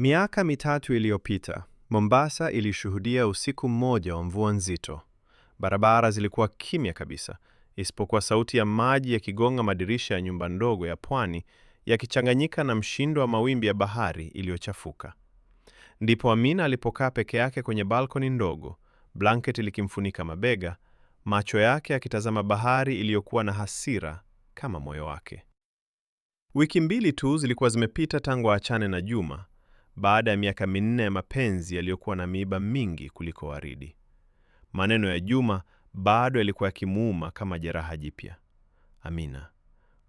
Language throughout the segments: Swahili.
Miaka mitatu iliyopita, Mombasa ilishuhudia usiku mmoja wa mvua nzito. Barabara zilikuwa kimya kabisa, isipokuwa sauti ya maji yakigonga madirisha ya nyumba ndogo ya pwani, yakichanganyika na mshindo wa mawimbi ya bahari iliyochafuka. Ndipo Amina alipokaa peke yake kwenye balkoni ndogo, blanketi likimfunika mabega, macho yake yakitazama bahari iliyokuwa na hasira kama moyo wake. Wiki mbili tu zilikuwa zimepita tangu aachane na Juma baada ya miaka minne ya mapenzi yaliyokuwa na miiba mingi kuliko waridi. Maneno ya Juma bado yalikuwa yakimuuma kama jeraha jipya. Amina,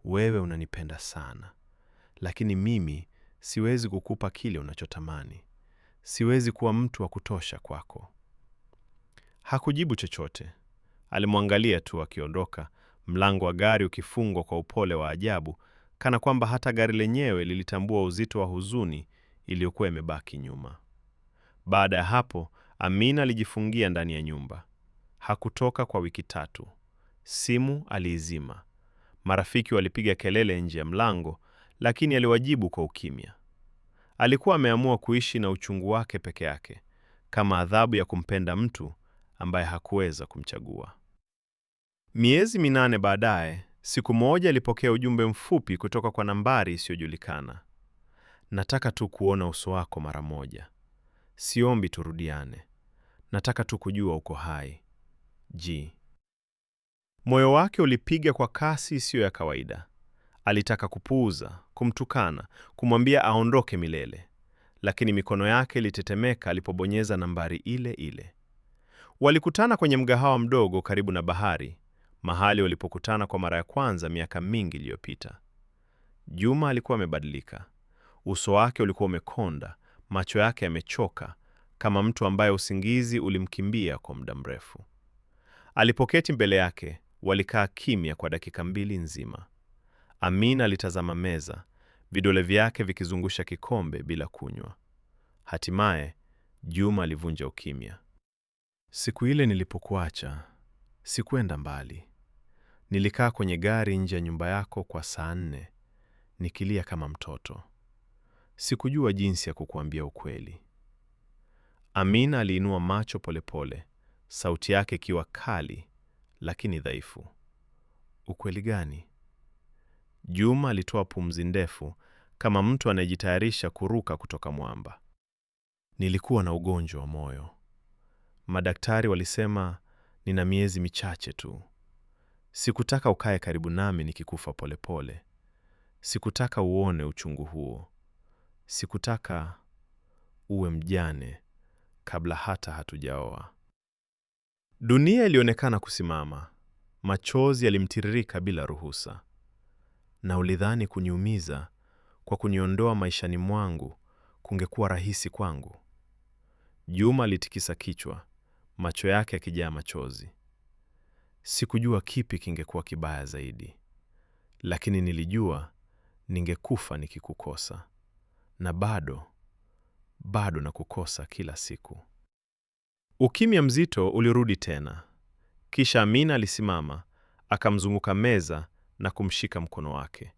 wewe unanipenda sana, lakini mimi siwezi kukupa kile unachotamani. Siwezi kuwa mtu wa kutosha kwako. Hakujibu chochote, alimwangalia tu akiondoka, mlango wa gari ukifungwa kwa upole wa ajabu, kana kwamba hata gari lenyewe lilitambua uzito wa huzuni iliyokuwa imebaki nyuma. Baada ya hapo, Amina alijifungia ndani ya nyumba, hakutoka kwa wiki tatu. Simu aliizima. Marafiki walipiga kelele nje ya mlango, lakini aliwajibu kwa ukimya. Alikuwa ameamua kuishi na uchungu wake peke yake kama adhabu ya kumpenda mtu ambaye hakuweza kumchagua. Miezi minane baadaye, siku moja alipokea ujumbe mfupi kutoka kwa nambari isiyojulikana. Nataka tu kuona uso wako mara moja, siombi turudiane, nataka tu kujua uko hai. G. Moyo wake ulipiga kwa kasi isiyo ya kawaida. Alitaka kupuuza, kumtukana, kumwambia aondoke milele, lakini mikono yake ilitetemeka alipobonyeza nambari ile ile. Walikutana kwenye mgahawa mdogo karibu na bahari, mahali walipokutana kwa mara ya kwanza miaka mingi iliyopita. Juma alikuwa amebadilika. Uso wake ulikuwa umekonda, macho yake yamechoka, kama mtu ambaye usingizi ulimkimbia kwa muda mrefu. Alipoketi mbele yake, walikaa kimya kwa dakika mbili nzima. Amin alitazama meza, vidole vyake vikizungusha kikombe bila kunywa. Hatimaye Juma alivunja ukimya. Siku ile nilipokuacha, sikwenda mbali. Nilikaa kwenye gari nje ya nyumba yako kwa saa nne, nikilia kama mtoto. Sikujua jinsi ya kukuambia ukweli. Amina aliinua macho polepole pole, sauti yake ikiwa kali lakini dhaifu. Ukweli gani? Juma alitoa pumzi ndefu kama mtu anayejitayarisha kuruka kutoka mwamba. Nilikuwa na ugonjwa wa moyo. Madaktari walisema nina miezi michache tu. Sikutaka ukae karibu nami nikikufa polepole pole. Sikutaka uone uchungu huo sikutaka uwe mjane kabla hata hatujaoa. Dunia ilionekana kusimama, machozi yalimtiririka bila ruhusa. Na ulidhani kuniumiza kwa kuniondoa maishani mwangu kungekuwa rahisi kwangu? Juma alitikisa kichwa, macho yake yakijaa machozi. Sikujua kipi kingekuwa kibaya zaidi, lakini nilijua ningekufa nikikukosa na bado bado na kukosa kila siku. Ukimya mzito ulirudi tena, kisha Amina alisimama akamzunguka meza na kumshika mkono wake,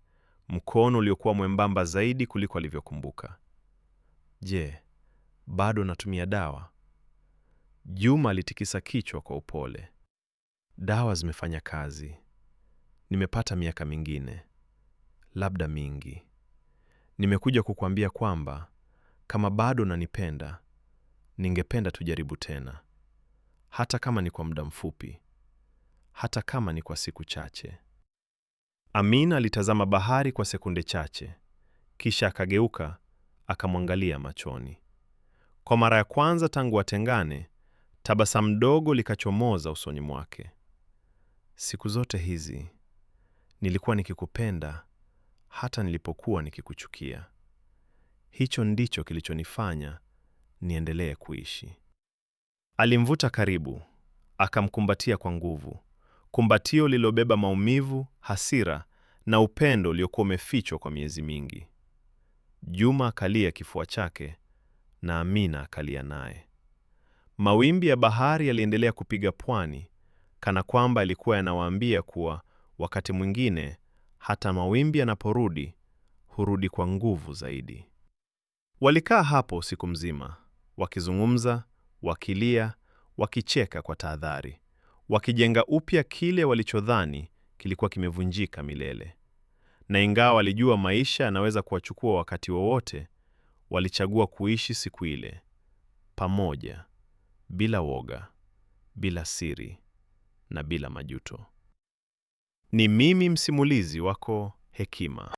mkono uliokuwa mwembamba zaidi kuliko alivyokumbuka. Je, bado natumia dawa? Juma alitikisa kichwa kwa upole. Dawa zimefanya kazi, nimepata miaka mingine, labda mingi. Nimekuja kukuambia kwamba kama bado nanipenda ningependa tujaribu tena, hata kama ni kwa muda mfupi, hata kama ni kwa siku chache. Amina alitazama bahari kwa sekunde chache, kisha akageuka, akamwangalia machoni. Kwa mara ya kwanza tangu watengane, tabasamu dogo likachomoza usoni mwake. Siku zote hizi nilikuwa nikikupenda hata nilipokuwa nikikuchukia. Hicho ndicho kilichonifanya niendelee kuishi. Alimvuta karibu, akamkumbatia kwa nguvu, kumbatio lililobeba maumivu, hasira na upendo uliokuwa umefichwa kwa miezi mingi. Juma akalia kifua chake na Amina akalia naye. Mawimbi ya bahari yaliendelea kupiga pwani, kana kwamba yalikuwa yanawaambia kuwa wakati mwingine hata mawimbi yanaporudi hurudi kwa nguvu zaidi. Walikaa hapo usiku mzima wakizungumza, wakilia, wakicheka kwa tahadhari, wakijenga upya kile walichodhani kilikuwa kimevunjika milele. Na ingawa walijua maisha yanaweza kuwachukua wakati wowote, walichagua kuishi siku ile pamoja, bila woga, bila siri na bila majuto. Ni mimi msimulizi wako Hekima.